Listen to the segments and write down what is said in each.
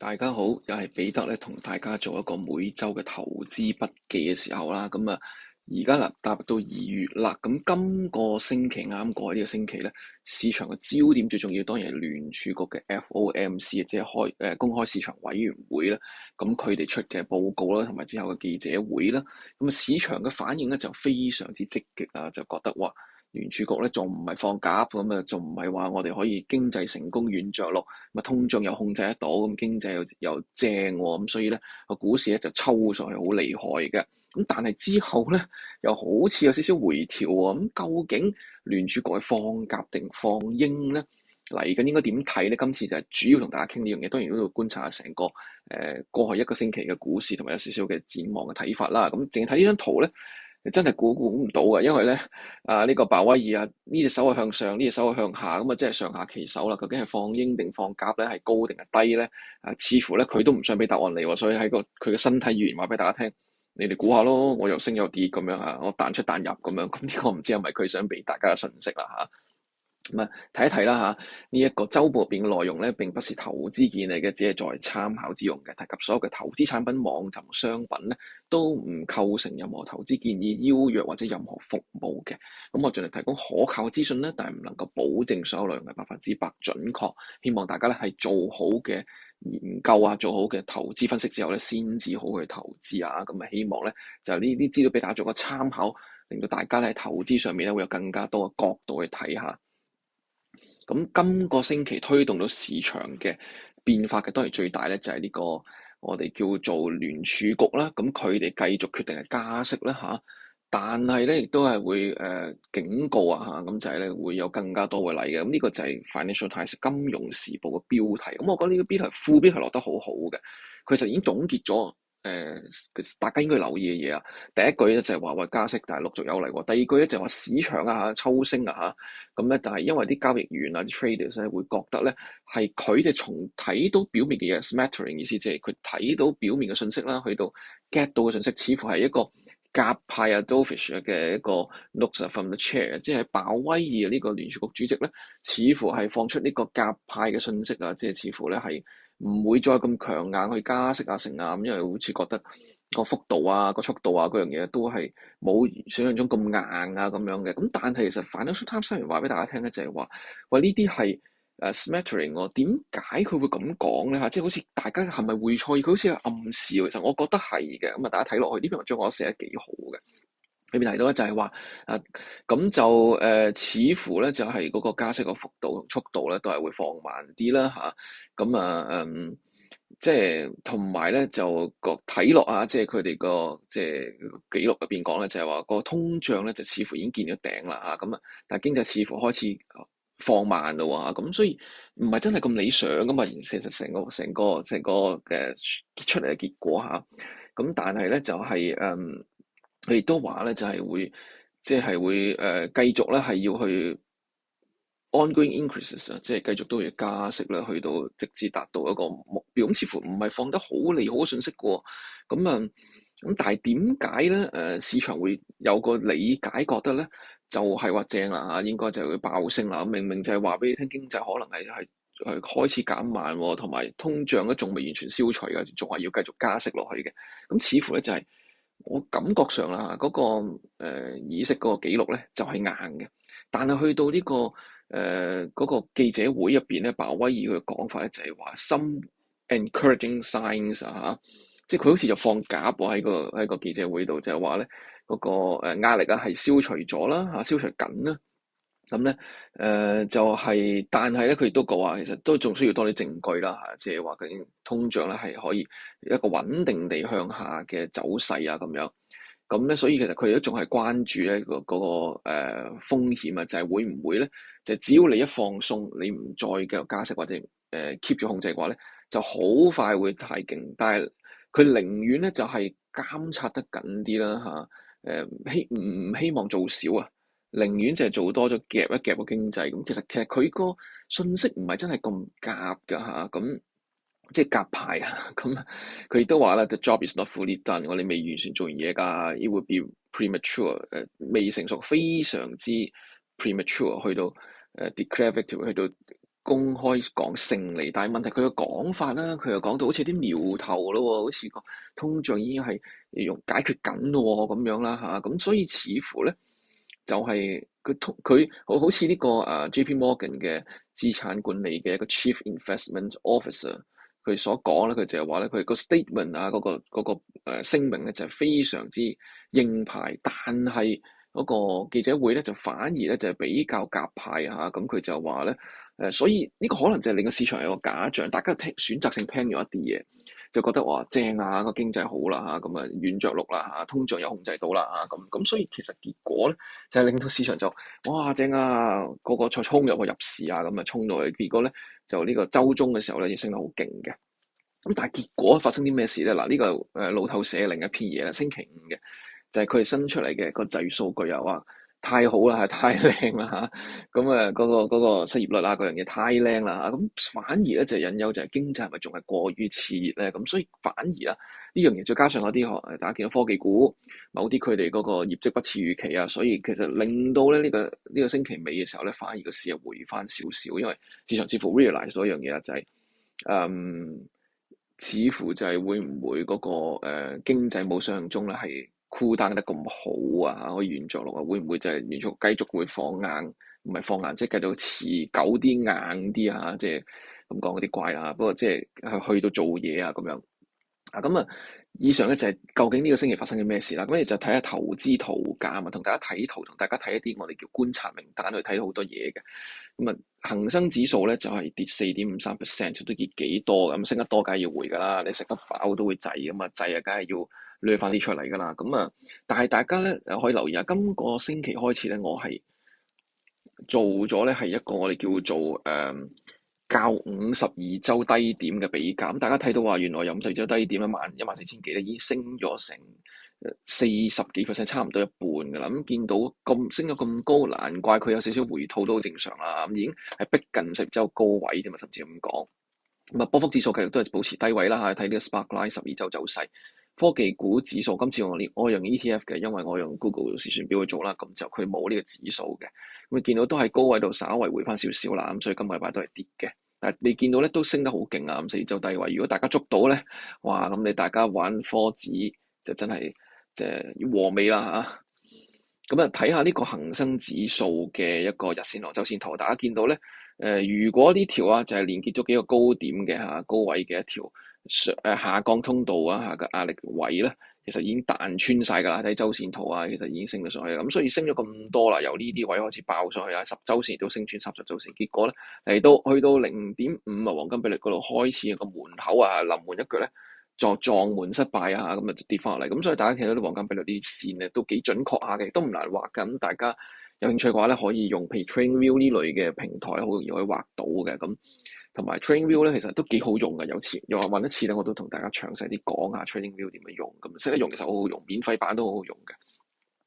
大家好，又係彼得咧，同大家做一個每周嘅投資筆記嘅時候、啊、啦。咁啊，而家嗱，踏到二月啦。咁今個星期啱啱過呢個星期咧，市場嘅焦點最重要，當然係聯儲局嘅 FOMC，即係開誒、呃、公開市場委員會啦。咁佢哋出嘅報告啦，同埋之後嘅記者會啦，咁啊，市場嘅反應咧，就非常之積極啊，就覺得話。聯儲局咧仲唔係放鴿，咁、嗯、啊？仲唔係話我哋可以經濟成功軟着陸，咁、嗯、啊通脹又控制得到，咁、嗯、經濟又又正喎、哦，咁、嗯、所以咧個股市咧就抽上去好厲害嘅。咁、嗯、但係之後咧，又好似有少少回調啊、哦。咁、嗯、究竟聯儲局放鴿定放鷹咧？嚟緊應該點睇咧？今次就係主要同大家傾呢樣嘢。當然都要觀察成個誒、呃、過去一個星期嘅股市，同埋有少少嘅展望嘅睇法啦。咁淨係睇呢張圖咧。真係估估唔到嘅，因為咧啊呢、這個鮑威爾啊呢隻手係向上，呢隻手係向下，咁、嗯、啊即係上下其手啦。究竟係放鷹定放鴿咧？係高定係低咧？啊，似乎咧佢都唔想俾答案你喎。所以喺個佢嘅身體語言話俾大家聽，你哋估下咯。我又升又跌咁樣,彈彈樣、嗯這個、是是啊，我彈出彈入咁樣，咁呢個唔知係咪佢想俾大家嘅信息啦嚇。咁啊，睇一睇啦嚇，呢、這、一個週報入邊嘅內容咧，並不是投資建議嚟嘅，只係作為參考之用嘅。提及所有嘅投資產品、網站商品咧，都唔構成任何投資建議、邀約或者任何服務嘅。咁、嗯、我盡量提供可靠資訊咧，但係唔能夠保證所有內容係百分之百準確。希望大家咧係做好嘅研究啊，做好嘅投資分析之後咧，先至好去投資啊。咁、嗯、啊，希望咧就呢啲資料俾大家做個參考，令到大家咧喺投資上面咧會有更加多嘅角度去睇下。咁、嗯、今個星期推動到市場嘅變化嘅，當然最大咧就係、是、呢、這個我哋叫做聯儲局啦。咁佢哋繼續決定係加息啦，嚇，但係咧亦都係會誒、呃、警告啊嚇，咁、嗯、就係、是、咧會有更加多嘅例嘅。咁、嗯、呢、這個就係 Financial Times 金融時報嘅標題。咁、嗯、我覺得呢個標題副標題落得好好嘅，佢就已經總結咗。誒、呃，大家應該留意嘅嘢啊！第一句咧就係話話加息，但係陸續有嚟喎。第二句咧就係話市場啊，吓抽升啊，吓咁咧，但係因為啲交易員啊，啲 traders 咧、啊、會覺得咧，係佢哋從睇到表面嘅嘢，smattering 意思即係佢睇到表面嘅信息啦，去到 get 到嘅信息似乎係一個甲派啊，Dovish 嘅一個 looks from the chair，即係鮑威爾呢個聯儲局主席咧，似乎係放出呢個甲派嘅信息啊，即係似乎咧係唔會再咁強硬去加息啊、成啊，咁因為好似覺得個幅度啊、個速度啊嗰樣嘢都係冇想像中咁硬啊咁樣嘅。咁但係其實反 t 雖然話俾大家聽咧，就係、是、話，喂，呢啲係。誒 smattering 我點解佢會咁講咧？嚇，即係好似大家係咪會錯意？佢好似有暗示，其實我覺得係嘅。咁啊，大家睇落去呢篇文章我寫得幾好嘅。裏面提到咧就係話，誒、啊、咁就誒、呃、似乎咧就係嗰個加息個幅度同速度咧都係會放慢啲啦嚇。咁啊，啊嗯，即係同埋咧就個睇落啊，即係佢哋個即係記錄入邊講咧就係話個通脹咧就似乎已經見咗頂啦嚇。咁啊，但係經濟似乎開始。放慢咯，喎，咁所以唔係真係咁理想噶嘛，其實成個成個成個嘅出嚟嘅結果吓，咁、啊、但係咧就係、是、誒，佢、嗯、亦都話咧就係、是、會，即、就、係、是、會誒繼、呃、續咧係要去 on-going increases，即係繼續都要加息啦，去到直至達到一個目標，咁似乎唔係放得好利好嘅信息喎，咁、嗯、啊，咁但係點解咧誒市場會有個理解覺得咧？就係話正啦嚇，應該就係會爆升啦。明明就係話俾你聽，經濟可能係係係開始減慢喎，同埋通脹都仲未完全消除嘅，仲係要繼續加息落去嘅。咁、嗯、似乎咧就係、是、我感覺上啦嚇，嗰、那個誒議息嗰個記錄咧就係、是、硬嘅。但係去到呢、這個誒嗰、呃那個記者會入邊咧，鮑威爾嘅講法咧就係話 some encouraging signs 嚇、啊，即係佢好似就放鴿喎喺、那個喺個記者會度就係話咧。嗰個誒壓力啊，係消除咗啦，嚇消除緊啦。咁咧誒就係、是，但係咧佢亦都講話，其實都仲需要多啲證據啦，嚇，即係話究竟通脹咧係可以一個穩定地向下嘅走勢啊，咁樣。咁咧，所以其實佢哋都仲係關注咧、那個嗰個誒風險啊，就係、是、會唔會咧？就是、只要你一放鬆，你唔再繼續加息或者誒 keep 住控制嘅話咧，就好快會太勁。但係佢寧願咧就係、是、監察得緊啲啦，嚇、啊。誒希唔希望做少啊？寧願就係做多咗夾一夾個經濟咁。其實其實佢個信息唔係真係咁夾㗎嚇，咁即係夾派啊。咁佢亦都話啦，「the job is not fully done， 我哋未完全做完嘢㗎。It would be premature，誒未成熟，非常之 premature，去到誒 declarative 去到。公開講勝利，但係問題佢嘅講法啦，佢又講到好似啲苗頭咯，好似個通脹已經係用解決緊咯咁樣啦吓，咁、啊、所以似乎咧就係佢通佢好好似呢個誒、uh, JP Morgan 嘅資產管理嘅一個 Chief Investment Officer 佢所講咧，佢就係話咧佢個 statement 啊，嗰、嗰個嗰、嗰個誒聲明咧就係、是、非常之鷹派，但係。嗰個記者會咧，就反而咧就係比較鴿派嚇，咁佢就話咧，誒，所以呢個可能就係令個市場有個假象，大家聽選擇性聽咗一啲嘢，就覺得話正啊，個經濟好啦嚇，咁啊軟着陸啦嚇，通脹又控制到啦嚇，咁咁，所以其實結果咧就係令到市場就哇正啊，個個再衝入個入市啊，咁啊衝到去。結果咧就呢個周中嘅時候咧，亦升得好勁嘅。咁但係結果發生啲咩事咧？嗱，呢個誒路透社另一篇嘢啦，星期五嘅。就係佢哋新出嚟嘅個製造數據啊，哇！太好啦，係太靚啦嚇。咁啊，嗰、啊那個那個失業率啊，嗰樣嘢太靚啦。咁、啊、反而咧就係隱憂，就係、是、經濟係咪仲係過於熾熱咧？咁、啊、所以反而啊，呢樣嘢再加上嗰啲大家見到科技股某啲佢哋嗰個業績不似預期啊，所以其實令到咧呢、這個呢、這個星期尾嘅時候咧，反而個市啊回翻少少，因為市場似乎 realize 咗一樣嘢啊，就係、是、誒、嗯、似乎就係會唔會嗰、那個誒、呃、經濟冇想象中咧係。孤單得咁好啊！個原作落啊，會唔會就係原作繼續會放鷹？唔係放鷹，即、就、係、是、繼續持久啲硬啲啊！即係咁講嗰啲怪啊，不過即係去到做嘢啊咁樣啊咁啊！以上咧就係究竟呢個星期發生咗咩事啦、啊？咁、啊、你就睇下投資圖價啊，同大家睇圖，同大家睇一啲我哋叫觀察名單去睇好多嘢嘅。咁啊，恒生指數咧就係、是、跌四點五三 percent，都跌幾多咁、嗯、升得多，梗係要回噶啦！你食得飽都會滯噶啊，滯啊，梗係要。你發啲出嚟㗎啦，咁啊，但係大家咧誒可以留意下，今個星期開始咧，我係做咗咧係一個我哋叫做誒、呃、較五十二周低點嘅比價。咁大家睇到話，原來有五十二周低點一萬一萬四千幾咧，已經升咗成四十幾 percent，差唔多一半㗎啦。咁見到咁升咗咁高，難怪佢有少少回吐都好正常啦。咁已經係逼近十周高位添啊，甚至咁講咁啊。波幅指數其實都係保持低位啦嚇，睇呢個 spark line 十二周走勢。科技股指數今次我我用 ETF 嘅，因為我用 Google 試算表去做啦。咁就佢冇呢個指數嘅，咁你見到都係高位度稍為回翻少少啦。咁所以今個禮拜都係跌嘅。但係你見到咧都升得好勁啊。咁四周低位，如果大家捉到咧，哇！咁你大家玩科指就真係即係和味啦吓，咁啊，睇下呢個恒生指數嘅一個日線圖、週線圖，大家見到咧，誒、呃，如果呢條啊就係、是、連結咗幾個高點嘅吓、啊，高位嘅一條。上下降通道啊，下嘅壓力位咧，其實已經彈穿晒㗎啦。睇周線圖啊，其實已經升咗上去。咁所以升咗咁多啦，由呢啲位開始爆上去啊，十周線都升穿十周線，結果咧嚟到去到零點五啊，黃金比率嗰度開始個門口啊，臨門一腳咧，再撞門失敗啊，咁啊跌翻落嚟。咁所以大家睇到啲黃金比率啲線咧，都幾準確下嘅，都唔難畫噶。咁大家有興趣嘅話咧，可以用譬如 TradingView 呢類嘅平台，好容易可以畫到嘅咁。同埋 TradingView 咧，其實都幾好用嘅，有次又話問一次咧，我都同大家詳細啲講下 TradingView 點樣用，咁識得用其實好好用，免費版都好好用嘅。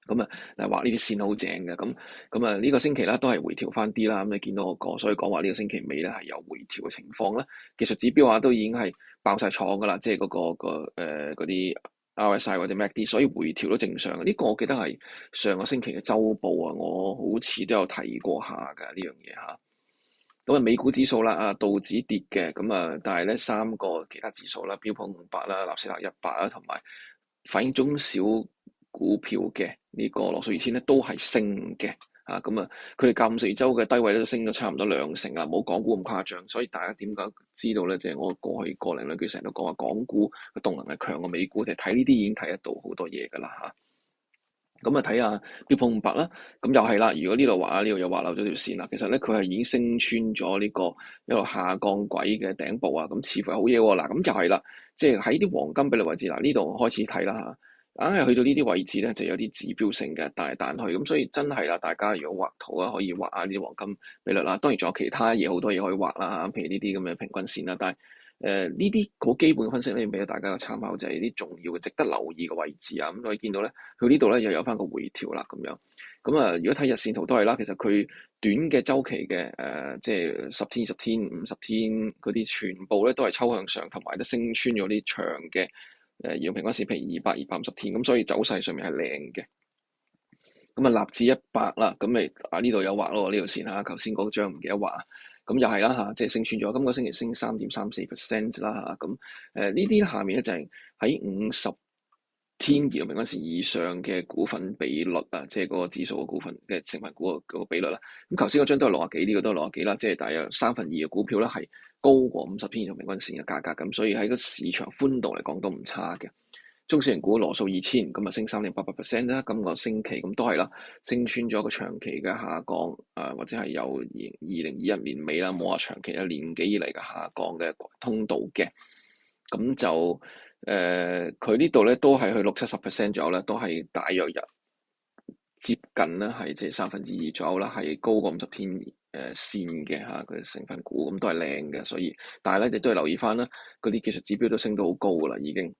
咁、嗯、啊，畫呢啲線好正嘅。咁咁啊，呢、嗯這個星期咧都係回調翻啲啦，咁、嗯、你見到我、那個所以講話呢個星期尾咧係有回調嘅情況啦。技術指標啊都已經係爆晒倉噶啦，即係嗰、那個、那個嗰啲 RSI 或者 MACD，所以回調都正常嘅。呢、這個我記得係上個星期嘅週報啊，我好似都有提過下㗎呢樣嘢嚇。咁啊，美股指數啦，啊道指跌嘅，咁啊，但係咧三個其他指數啦，標普五百啦、納斯達一百啦，同埋反映中小股票嘅呢、呢個羅素二千咧，都係升嘅啊。咁啊，佢哋近四周嘅低位咧，都升咗差唔多兩成啊，冇港股咁誇張，所以大家點解知道咧？即、就、係、係、我過去個零兩句成日都講話，港股個動能係強過美股，就係睇呢啲已經睇得到好多嘢噶啦嚇。啊咁啊，睇下標普五百啦，咁又係啦。如果呢度畫，呢度又畫漏咗條線啦。其實咧，佢係已經升穿咗呢個一路下降軌嘅頂部啊。咁似乎係好嘢喎。嗱，咁又係啦，即係喺啲黃金比例位置嗱，呢度開始睇啦嚇。硬係去到呢啲位置咧，就有啲指標性嘅大彈腿。咁所以真係啦，大家如果畫圖啊，可以畫下呢啲黃金比率啦。當然仲有其他嘢好多嘢可以畫啦嚇，譬如呢啲咁嘅平均線啦，但係。誒呢啲好基本嘅分析咧，俾咗大家嘅參考，就係、是、啲重要嘅值得留意嘅位置啊。咁我哋見到咧，佢呢度咧又有翻個回調啦，咁樣。咁、嗯、啊，如果睇日線圖都係啦，其實佢短嘅周期嘅誒、呃，即係十天、二十天、五十天嗰啲，全部咧都係抽向上，同埋都升穿咗啲長嘅誒移動平均線，譬如二百、二百五十天，咁、嗯、所以走勢上面係靚嘅。咁、嗯、啊，納指一百啦，咁咪啊呢度有畫咯，呢條線啊，頭先嗰張唔記得畫。咁又係啦嚇，即係升算咗，今個星期升三點三四 percent 啦嚇，咁誒呢啲下面咧就係喺五十天移動平均線以上嘅股份比率啊，即係嗰個指數個股份嘅成分股個比率啦。咁頭先嗰張都係六十幾，呢、這個都係六十幾啦，即係大約三分二嘅股票咧係高過五十天移動平均線嘅價格，咁、啊、所以喺個市場寬度嚟講都唔差嘅。中小型股羅素二千，咁啊升三點八八 percent 啦。咁個升期咁都係啦，升穿咗個長期嘅下降誒、呃，或者係由二零二一年尾啦，冇話長期一年幾以嚟嘅下降嘅通道嘅。咁就誒，佢、呃、呢度咧都係去六七十 percent 左右啦，都係大約入接近咧係即係三分之二左右啦，係高過五十天誒線嘅嚇。佢、啊、成份股咁都係靚嘅，所以但係咧你都係留意翻啦，嗰啲技術指標都升到好高噶啦，已經。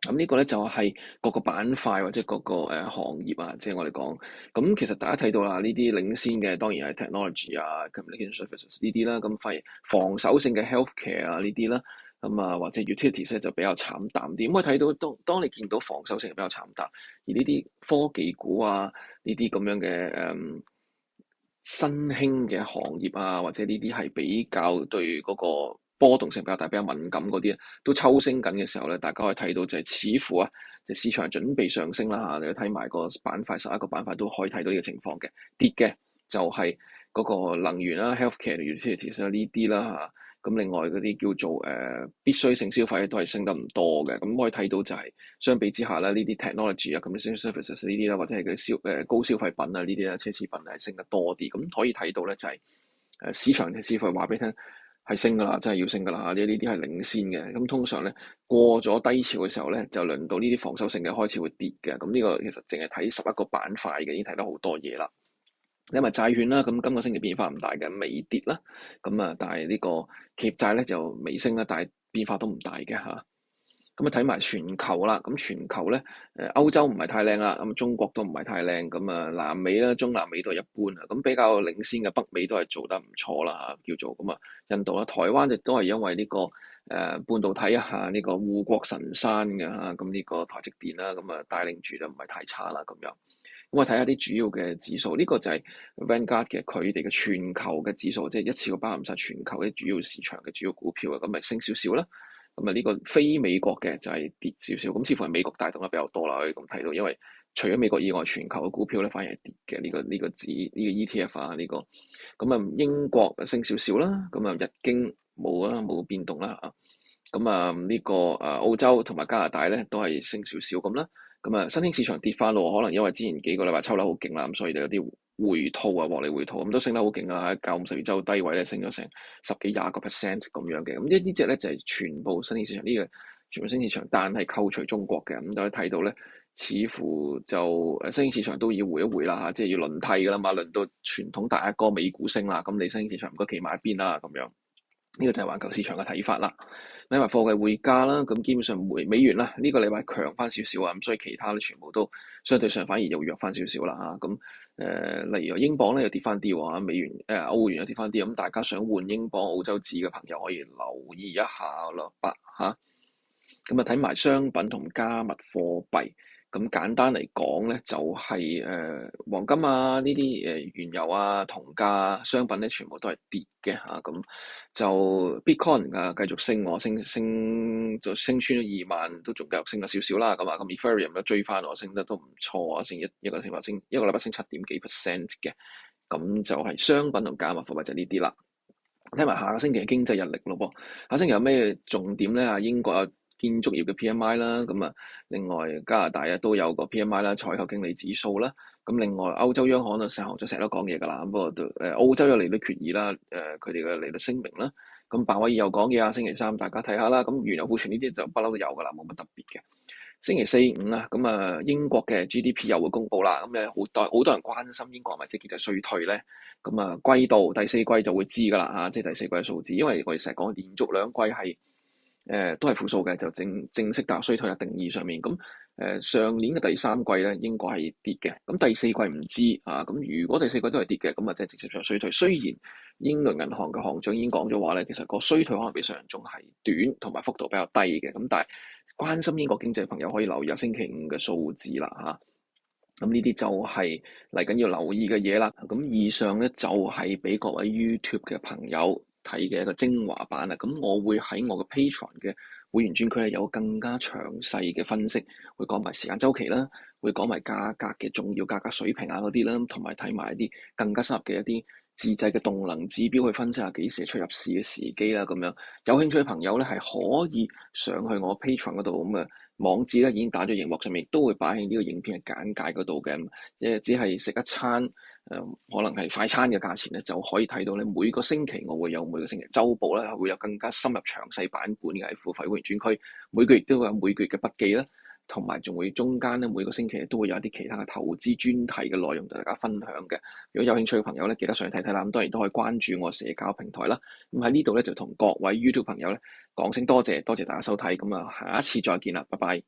咁呢、嗯這個咧就係各個板塊或者各個誒、呃、行業啊，即係我哋講。咁、嗯、其實大家睇到、啊啊、啦，呢啲領先嘅當然係 technology 啊，咁啲 communication services 呢啲啦。咁發現防守性嘅 healthcare 啊呢啲啦，咁、嗯、啊或者 utilities 咧就比較慘淡啲。咁可以睇到當當你見到防守性比較慘淡，而呢啲科技股啊呢啲咁樣嘅誒、嗯、新興嘅行業啊，或者呢啲係比較對嗰、那個。波動性比較大、比較敏感嗰啲都抽升緊嘅時候咧，大家可以睇到就係似乎啊，即係市場準備上升啦嚇。你睇埋個板塊，十一個板塊都可以睇到呢個情況嘅。跌嘅就係嗰個能源啦、啊、healthcare、utilities 啦呢啲啦嚇。咁、啊、另外嗰啲叫做誒、呃、必需性消費都係升得唔多嘅。咁可以睇到就係相比之下咧，呢啲 technology 啊、咁嘅 services 呢啲啦，或者係佢消誒高消費品啊呢啲啊、奢侈品係升得多啲。咁可以睇到咧就係誒市場嘅消費話俾你聽。係升噶啦，真係要升噶啦吓，呢啲係領先嘅。咁通常咧過咗低潮嘅時候咧，就輪到呢啲防守性嘅開始會跌嘅。咁呢個其實淨係睇十一個板塊嘅，已經睇得好多嘢啦。因為債券啦，咁今個星期變化唔大嘅，未跌啦。咁啊，但係呢個企業債咧就未升啦，但係變化都唔大嘅吓。咁啊睇埋全球啦，咁全球咧，誒歐洲唔係太靚啦，咁中國都唔係太靚，咁啊南美啦，中南美都係一般啊，咁比較領先嘅北美都係做得唔錯啦，叫做咁啊印度啦，台灣亦都係因為呢個誒半導體啊呢個護國神山嘅嚇，咁呢個台積電啦，咁啊帶領住就唔係太差啦，咁樣。咁我睇下啲主要嘅指數，呢個就係 Vanguard 嘅，佢哋嘅全球嘅指數，即係一次過包含晒全球嘅主要市場嘅主要股票啊，咁咪升少少啦。咁啊，呢個非美國嘅就係跌少少，咁似乎係美國帶動得比較多啦，可以咁睇到，因為除咗美國以外，全球嘅股票咧，反而係跌嘅，呢個呢個指呢個 ETF 啊，呢個，咁啊英國升少少啦，咁啊日經冇啊冇變動啦，咁啊呢個啊，呃，澳洲同埋加拿大咧都係升少少咁啦。嗯咁啊，新興市場跌翻咯，可能因為之前幾個禮拜抽得好勁啦，咁所以就有啲回吐啊，獲利回吐咁都升得好勁啦，喺九五十二周低位咧升咗成十幾廿個 percent 咁樣嘅，咁呢呢隻咧就係、是、全部新興市場呢個全部新興市場，但係扣除中國嘅，咁大家睇到咧，似乎就誒新興市場都要回一回啦，即係要輪替㗎啦嘛，輪到傳統大一哥美股升啦，咁你新興市場唔該企埋一邊啦咁樣，呢、這個就係環球市場嘅睇法啦。睇埋貨嘅匯價啦，咁基本上回美元啦，呢個禮拜強翻少少啊，咁所以其他都全部都相對上反而又弱翻少少啦嚇。咁、啊、誒，例如英鎊咧又跌翻啲喎，美元誒、呃、歐元又跌翻啲，咁大家想換英鎊澳洲紙嘅朋友可以留意一下咯。噃吓。咁啊，睇、啊、埋商品同加密貨幣。咁簡單嚟講咧，就係、是、誒、呃、黃金啊，呢啲誒原油啊、銅價、啊、商品咧，全部都係跌嘅嚇。咁、啊、就 Bitcoin 啊，繼續升我升升就升穿咗二萬，都仲繼續升咗少少啦。咁啊，咁 Ethereum 都、啊、追翻我升得都唔錯啊，先一一個禮拜升一個禮拜升七點幾 percent 嘅。咁、啊、就係商品同加密貨幣就呢啲啦。聽埋下個星期嘅經濟日曆咯喎，下星期有咩重點咧？啊英國啊～建築業嘅 P.M.I 啦，咁啊，另外加拿大 I，啊都有個 P.M.I 啦，採購經理指數啦。咁、啊、另外歐洲央行，行啊，成日就成日都講嘢噶啦。咁不過都澳洲又利率決議啦，誒佢哋嘅利率聲明啦。咁、啊、鮑威爾又講嘢啊，星期三大家睇下啦。咁、啊、原油庫存呢啲就不嬲都有噶啦，冇乜特別嘅。星期四五啊，咁啊英國嘅 G.D.P 又會公布啦。咁咧好多好多人關心英國係咪即係衰退咧？咁啊季度、啊啊啊啊啊、第四季就會知噶啦嚇，即係第四季嘅數字，因為我哋成日講連續兩季係。誒、呃，都係負數嘅，就正正式踏入衰退嘅定義上面。咁、呃、誒，上年嘅第三季咧，英國係跌嘅。咁第四季唔知啊。咁如果第四季都係跌嘅，咁啊，即係直接上衰退。雖然英倫銀行嘅行長已經講咗話咧，其實個衰退可能比上仲係短，同埋幅度比較低嘅。咁但係關心英國經濟嘅朋友可以留意下星期五嘅數字啦，吓、啊。咁呢啲就係嚟緊要留意嘅嘢啦。咁以上咧就係、是、俾各位 YouTube 嘅朋友。睇嘅一個精華版啊。咁我會喺我嘅 Patreon 嘅會員專區咧，有更加詳細嘅分析，會講埋時間周期啦，會講埋價格嘅重要價格水平啊嗰啲啦，同埋睇埋一啲更加深入嘅一啲自製嘅動能指標去分析下幾時出入市嘅時機啦咁樣。有興趣嘅朋友咧，係可以上去我 Patreon 度咁啊～網址咧已經打咗熒幕上面，都會擺喺呢個影片嘅簡介嗰度嘅。誒，只係食一餐誒、呃，可能係快餐嘅價錢咧，就可以睇到咧。每個星期我會有每個星期週報啦，會有更加深入詳細版本嘅係付費會員專區。每個月都會有每個月嘅筆記啦。同埋仲會中間咧每個星期都會有一啲其他嘅投資專題嘅內容同大家分享嘅。如果有興趣嘅朋友咧，記得上去睇睇啦。咁當然都可以關注我社交平台啦。咁喺呢度咧就同各位 YouTube 朋友咧講聲多謝，多謝大家收睇。咁啊，下一次再見啦，拜拜。